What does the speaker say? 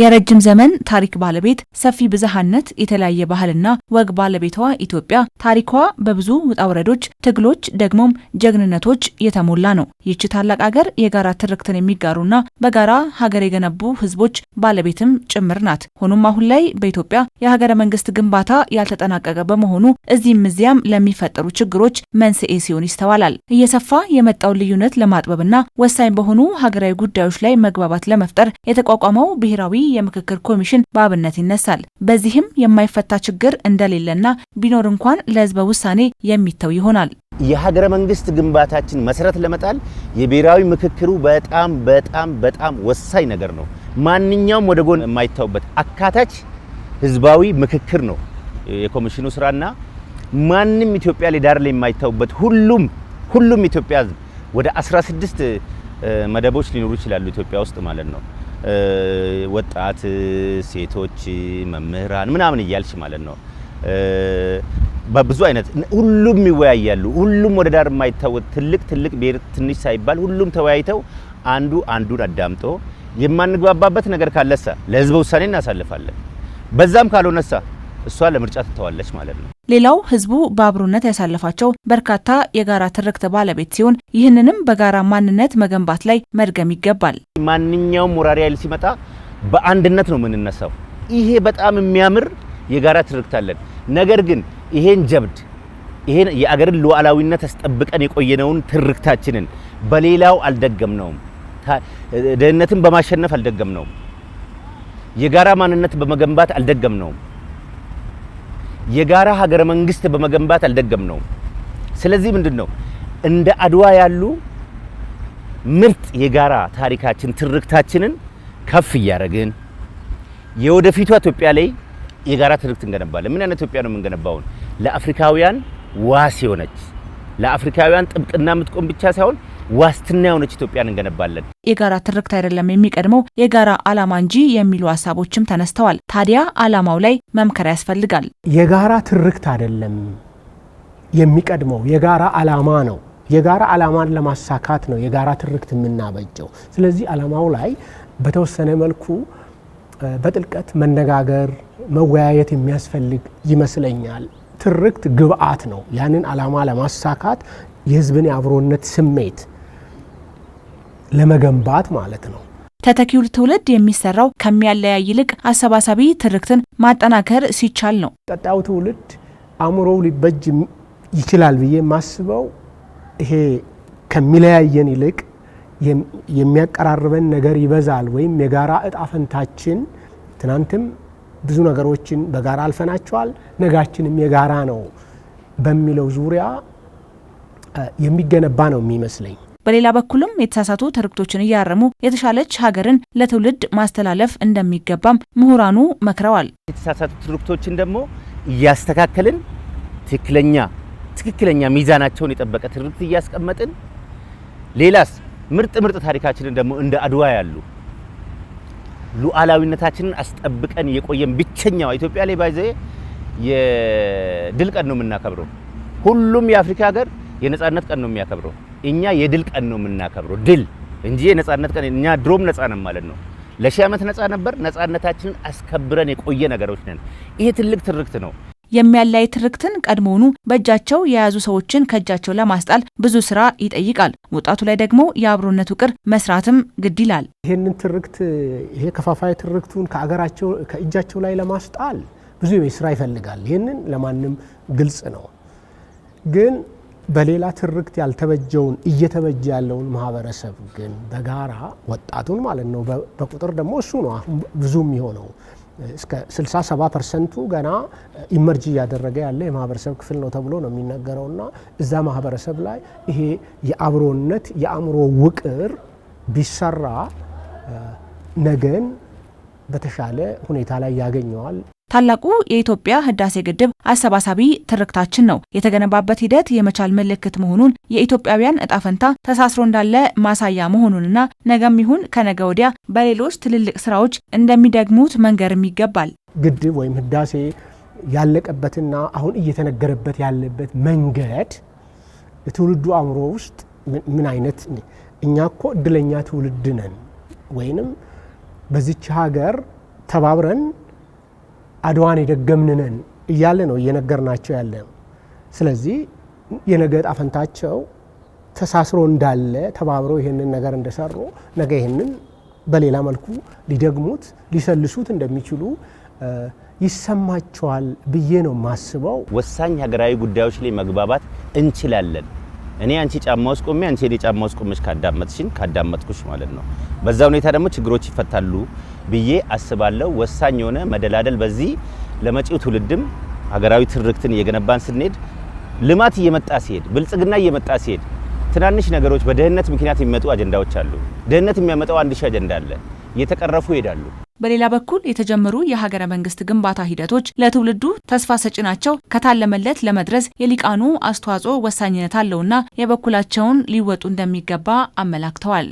የረጅም ዘመን ታሪክ ባለቤት ሰፊ ብዝሃነት የተለያየ ባህልና ወግ ባለቤቷ ኢትዮጵያ ታሪኳ በብዙ ውጣ ትግሎች ደግሞም ጀግንነቶች የተሞላ ነው። ይቺ ታላቅ አገር የጋራ ትርክትን የሚጋሩና በጋራ ሀገር የገነቡ ህዝቦች ባለቤትም ጭምር ናት። ሆኖም አሁን ላይ በኢትዮጵያ የሀገረ መንግስት ግንባታ ያልተጠናቀቀ በመሆኑ እዚህም እዚያም ለሚፈጠሩ ችግሮች መንስኤ ሲሆን ይስተዋላል። እየሰፋ የመጣውን ልዩነት ለማጥበብና ወሳኝ በሆኑ ሀገራዊ ጉዳዮች ላይ መግባባት ለመፍጠር የተቋቋመው ብሔራዊ የምክክር ኮሚሽን በአብነት ይነሳል። በዚህም የማይፈታ ችግር እንደሌለና ቢኖር እንኳን ለህዝበ ውሳኔ የሚተው ይሆናል። የሀገረ መንግስት ግንባታችን መሰረት ለመጣል የብሔራዊ ምክክሩ በጣም በጣም በጣም ወሳኝ ነገር ነው። ማንኛውም ወደ ጎን የማይታውበት አካታች ህዝባዊ ምክክር ነው የኮሚሽኑ ስራና ማንም ኢትዮጵያ ላይ ዳር ላይ የማይታውበት ሁሉም ሁሉም ኢትዮጵያ ህዝብ ወደ 16 መደቦች ሊኖሩ ይችላሉ ኢትዮጵያ ውስጥ ማለት ነው። ወጣት ሴቶች፣ መምህራን ምናምን እያልሽ ማለት ነው። በብዙ አይነት ሁሉም ይወያያሉ። ሁሉም ወደ ዳር የማይታወት ትልቅ ትልቅ ብሔር ትንሽ ሳይባል ሁሉም ተወያይተው አንዱ አንዱን አዳምጦ የማንግባባበት ነገር ካለሳ ለህዝበ ውሳኔ እናሳልፋለን። በዛም ካልሆነሳ እሷ ለምርጫ ትተዋለች ማለት ነው። ሌላው ህዝቡ በአብሮነት ያሳለፋቸው በርካታ የጋራ ትርክት ባለቤት ሲሆን ይህንንም በጋራ ማንነት መገንባት ላይ መድገም ይገባል። ማንኛውም ወራሪ ኃይል ሲመጣ በአንድነት ነው የምንነሳው። ይሄ በጣም የሚያምር የጋራ ትርክት አለን። ነገር ግን ይሄን ጀብድ ይሄን የአገርን ሉዓላዊነት አስጠብቀን የቆየነውን ትርክታችንን በሌላው አልደገምነውም። ድህነትን በማሸነፍ አልደገምነውም። የጋራ ማንነት በመገንባት አልደገምነውም። የጋራ ሀገረ መንግስት በመገንባት አልደገም ነው። ስለዚህ ምንድን ነው እንደ አድዋ ያሉ ምርጥ የጋራ ታሪካችን ትርክታችንን ከፍ እያደረግን የወደፊቷ ኢትዮጵያ ላይ የጋራ ትርክት እንገነባለን። ምን አይነት ኢትዮጵያ ነው የምንገነባውን? ለአፍሪካውያን ዋስ የሆነች ለአፍሪካውያን ጥብቅና የምትቆም ብቻ ሳይሆን ዋስትና የሆነች ኢትዮጵያን እንገነባለን። የጋራ ትርክት አይደለም የሚቀድመው የጋራ ዓላማ እንጂ የሚሉ ሀሳቦችም ተነስተዋል። ታዲያ ዓላማው ላይ መምከር ያስፈልጋል። የጋራ ትርክት አይደለም የሚቀድመው የጋራ ዓላማ ነው። የጋራ ዓላማን ለማሳካት ነው የጋራ ትርክት የምናበጀው። ስለዚህ ዓላማው ላይ በተወሰነ መልኩ በጥልቀት መነጋገር፣ መወያየት የሚያስፈልግ ይመስለኛል። ትርክት ግብአት ነው። ያንን ዓላማ ለማሳካት የህዝብን የአብሮነት ስሜት ለመገንባት ማለት ነው። ተተኪው ትውልድ የሚሰራው ከሚያለያይ ይልቅ አሰባሳቢ ትርክትን ማጠናከር ሲቻል ነው። ቀጣዩ ትውልድ አእምሮው ሊበጅ ይችላል ብዬ የማስበው ይሄ ከሚለያየን ይልቅ የሚያቀራርበን ነገር ይበዛል፣ ወይም የጋራ እጣፈንታችን ትናንትም ብዙ ነገሮችን በጋራ አልፈናቸዋል፣ ነጋችንም የጋራ ነው በሚለው ዙሪያ የሚገነባ ነው የሚመስለኝ። በሌላ በኩልም የተሳሳቱ ትርክቶችን እያረሙ የተሻለች ሀገርን ለትውልድ ማስተላለፍ እንደሚገባም ምሁራኑ መክረዋል። የተሳሳቱ ትርክቶችን ደግሞ እያስተካከልን ትክክለኛ ትክክለኛ ሚዛናቸውን የጠበቀ ትርክት እያስቀመጥን ሌላስ ምርጥ ምርጥ ታሪካችንን ደግሞ እንደ አድዋ ያሉ ሉዓላዊነታችንን አስጠብቀን የቆየን ብቸኛዋ ኢትዮጵያ ላይ ባይዘ የድል ቀን ነው የምናከብረው። ሁሉም የአፍሪካ ሀገር የነጻነት ቀን ነው የሚያከብረው። እኛ የድል ቀን ነው የምናከብረው። ድል እንጂ የነጻነት ቀን እኛ ድሮም ነጻ ነን ማለት ነው። ለሺህ ዓመት ነጻ ነበር። ነጻነታችንን አስከብረን የቆየ ነገሮች ነን። ይሄ ትልቅ ትርክት ነው። የሚያለያይ ትርክትን ቀድሞውኑ በእጃቸው የያዙ ሰዎችን ከእጃቸው ለማስጣል ብዙ ስራ ይጠይቃል። ወጣቱ ላይ ደግሞ የአብሮነት ውቅር መስራትም ግድ ይላል። ይህንን ትርክት ይሄ ከፋፋይ ትርክቱን ከአገራቸው ከእጃቸው ላይ ለማስጣል ብዙ የቤት ስራ ይፈልጋል። ይህንን ለማንም ግልጽ ነው ግን በሌላ ትርክት ያልተበጀውን እየተበጀ ያለውን ማህበረሰብ ግን በጋራ ወጣቱን ማለት ነው። በቁጥር ደግሞ እሱ ነው አሁን ብዙ የሚሆነው እስከ 67 ፐርሰንቱ ገና ኢመርጅ እያደረገ ያለ የማህበረሰብ ክፍል ነው ተብሎ ነው የሚነገረው እና እዛ ማህበረሰብ ላይ ይሄ የአብሮነት የአእምሮ ውቅር ቢሰራ ነገን በተሻለ ሁኔታ ላይ ያገኘዋል። ታላቁ የኢትዮጵያ ህዳሴ ግድብ አሰባሳቢ ትርክታችን ነው። የተገነባበት ሂደት የመቻል ምልክት መሆኑን የኢትዮጵያውያን እጣ ፈንታ ተሳስሮ እንዳለ ማሳያ መሆኑንና ነገም ይሁን ከነገ ወዲያ በሌሎች ትልልቅ ስራዎች እንደሚደግሙት መንገርም ይገባል። ግድብ ወይም ህዳሴ ያለቀበትና አሁን እየተነገረበት ያለበት መንገድ ትውልዱ አእምሮ ውስጥ ምን አይነት እኛ እኮ እድለኛ ትውልድ ነን ወይንም በዚች ሀገር ተባብረን አድዋን የደገምንነን እያለ ነው እየነገርናቸው ያለ ነው። ስለዚህ የነገ ዕጣ ፈንታቸው ተሳስሮ እንዳለ ተባብረው ይህንን ነገር እንደሰሩ ነገ ይህንን በሌላ መልኩ ሊደግሙት ሊሰልሱት እንደሚችሉ ይሰማቸዋል ብዬ ነው ማስበው። ወሳኝ ሀገራዊ ጉዳዮች ላይ መግባባት እንችላለን። እኔ አንቺ ጫማ ውስጥ ቆሜ አንቺ እኔ ጫማ ውስጥ ቆመሽ ካዳመጥሽኝ ካዳመጥኩሽ ማለት ነው። በዛ ሁኔታ ደግሞ ችግሮች ይፈታሉ ብዬ አስባለሁ። ወሳኝ የሆነ መደላደል በዚህ ለመጪው ትውልድም ሀገራዊ ትርክትን እየገነባን ስንሄድ፣ ልማት እየመጣ ሲሄድ፣ ብልጽግና እየመጣ ሲሄድ፣ ትናንሽ ነገሮች በደህንነት ምክንያት የሚመጡ አጀንዳዎች አሉ። ድህነት የሚያመጣው አንድ ሺህ አጀንዳ አለ። እየተቀረፉ ይሄዳሉ። በሌላ በኩል የተጀመሩ የሀገረ መንግስት ግንባታ ሂደቶች ለትውልዱ ተስፋ ሰጪ ናቸው። ከታለመለት ለመድረስ የሊቃኑ አስተዋጽኦ ወሳኝነት አለውና የበኩላቸውን ሊወጡ እንደሚገባ አመላክተዋል።